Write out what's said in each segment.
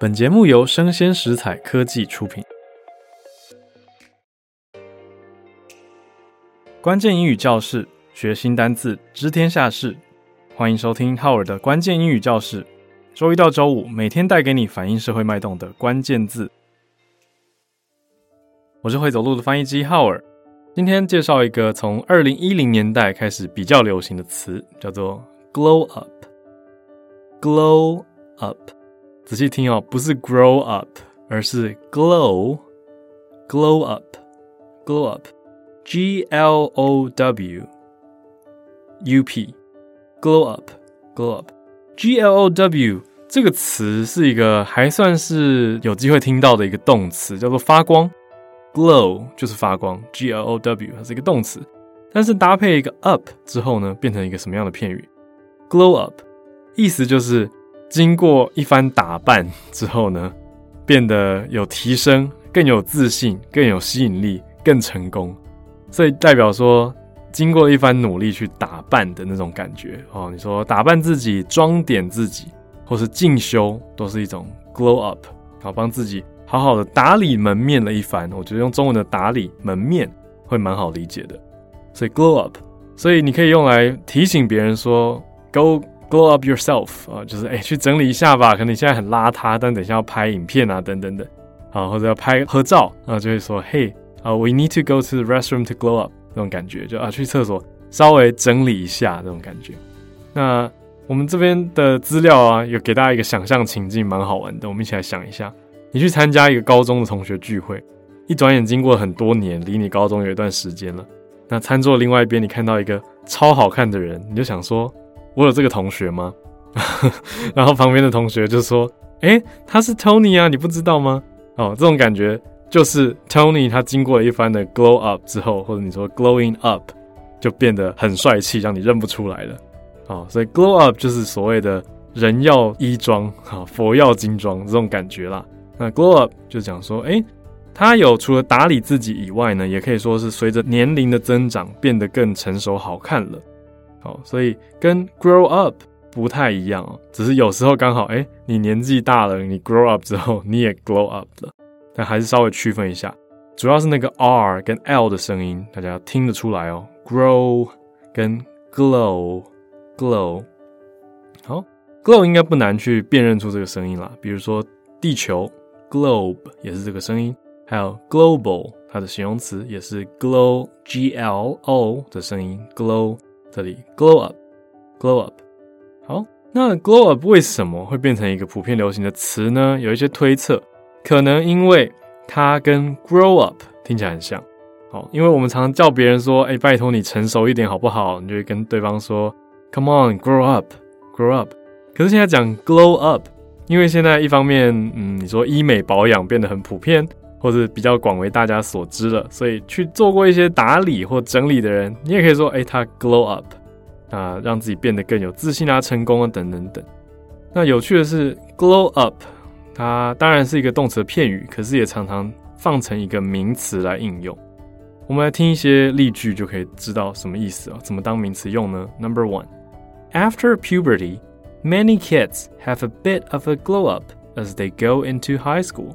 本節目由聲鮮時采科技出品。關鍵英語教室，學新單字，知天下事。歡迎收聽浩爾的關鍵英語教室。周一到周五，每天帶給你反映社會脈動的關鍵字。我是會走路的翻譯機浩爾。今天介紹一個從二零一零年代開始比較流行的詞，叫做 “glow up”。glow up。仔細聽哦，不是 grow up，而是 glow，glow up，glow up，G L O W，U P，glow up，glow up，G L O W，這個詞是一個還算是有機會聽到的一個動詞，叫做發光。glow 就是發光，G L O W 它是一個動詞，但是搭配一個 up 之後呢，變成一個什麼樣的片語？glow up，意思就是。經過一番打扮之後呢，變得有提升，更有自信，更有吸引力，更成功。所以代表說，經過一番努力去打扮的那種感覺哦。你說打扮自己、裝點自己，或是進修，都是一種 glow up，好，幫自己好好的打理門面了一番。我覺得用中文的打理門面會蠻好理解的。所以 glow up，所以你可以用來提醒別人說，go。Glow up yourself 啊、呃，就是哎、欸，去整理一下吧。可能你現在很邋遢，但等一下要拍影片啊，等等等，好、呃，或者要拍合照啊、呃，就會說嘿啊、hey, uh,，We need to go to the restroom to glow up 那種感覺，就啊、呃，去廁所稍微整理一下這種感覺。那我們這邊的資料啊，有給大家一個想象情境，蠻好玩的。我們一起來想一下，你去參加一個高中的同學聚會，一轉眼經過很多年，離你高中有一段時間了。那餐桌另外一邊，你看到一個超好看的人，你就想說。我有這個同學嗎？ 然後旁邊的同學就說：“誒、欸，他是 Tony 啊，你不知道嗎？”哦，這種感覺就是 Tony 他經過了一番的 glow up 之後，或者你說 glowing up，就變得很帥氣，讓你認不出來了。哦，所以 glow up 就是所謂的“人要衣裝，佛要金裝”這種感覺啦。那 glow up 就講說：“誒、欸，他有除了打理自己以外呢，也可以說是隨着年齡的增長，變得更成熟好看了。”好，所以跟 grow up 不太一樣哦。只是有時候剛好，哎、欸，你年紀大了，你 grow up 之後，你也 glow up 了。但還是稍微區分一下，主要是那個 r 跟 l 的聲音，大家要聽得出來哦。grow 跟 glow，glow。好，glow 應該不難去辨認出這個聲音了。比如說地球 globe 也是這個聲音，還有 global，它的形容詞也是 glow，g l o 的聲音，glow。這裡 glow up，glow up，好，那 glow up 為什麼會變成一個普遍流行的詞呢？有一些推測，可能因為它跟 grow up 聽起來很像，好，因為我們常常叫別人說，哎，拜託你成熟一點好不好？你就會跟對方說，come on，grow up，grow up。可是現在講 glow up，因為現在一方面，嗯，你說醫美保養變得很普遍。或者比較廣為大家所知的，所以去做過一些打理或整理的人，你也可以說，哎、欸，他 glow up，啊，讓自己變得更有自信啊，成功啊，等等等。那有趣的是，glow up，它、啊、當然是一個動詞的片語，可是也常常放成一個名詞來應用。我們來聽一些例句，就可以知道什麼意思啊？怎麼當名詞用呢？Number one，after puberty，many kids have a bit of a glow up as they go into high school。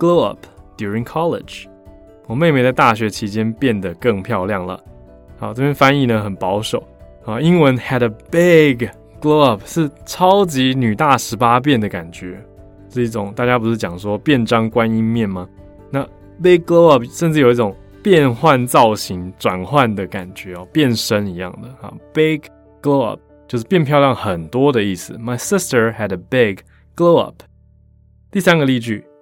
Glow up during college，我妹妹在大學期間變得更漂亮了。好，這邊翻譯呢很保守。啊，英文 had a big glow up 是超級女大十八變的感覺，是一種大家不是講說變張觀音面嗎？那 big glow up 甚至有一種變換造型、轉換的感覺哦，變身一樣的。哈，big glow up 就是變漂亮很多的意思。My sister had a big glow up。第三個例句。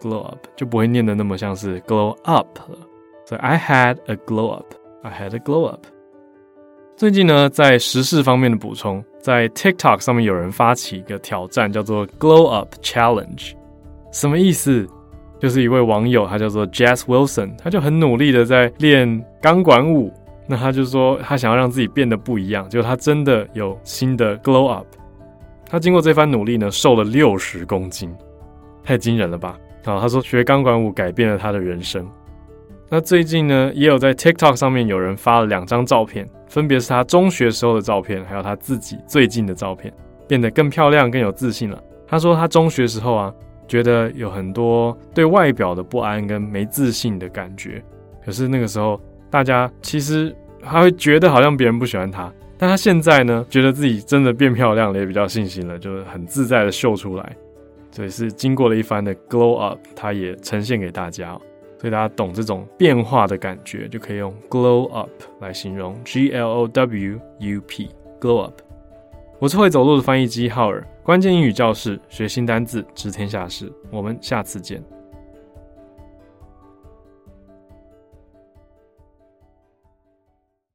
Glow up 就不會念的那麼像是 glow up 了，所以 I had a glow up, I had a glow up。最近呢，在時事方面的補充，在 TikTok 上面有人發起一個挑戰叫做 Glow up Challenge，什麼意思？就是一位網友他叫做 Jess Wilson，他就很努力的在練鋼管舞，那他就說他想要讓自己變得不一樣，就他真的有新的 glow up。他經過這番努力呢，瘦了六十公斤，太驚人了吧！啊，他說學鋼管舞改變了他的人生。那最近呢，也有在 TikTok 上面有人發了兩張照片，分別是他中學時候的照片，還有他自己最近的照片，變得更漂亮、更有自信了。他說他中學時候啊，覺得有很多對外表的不安跟沒自信的感覺。可是那個時候，大家其實他會覺得好像別人不喜歡他。但他現在呢，覺得自己真的變漂亮了，也比較信心了，就是很自在的秀出來。所以是經過了一番的 glow up，它也呈現給大家，所以大家懂這種變化的感覺，就可以用 glow up 來形容 G。G L O W U P，glow up。我是會走路的翻譯機浩爾，關鍵英語教室，學新單字，知天下事。我們下次見。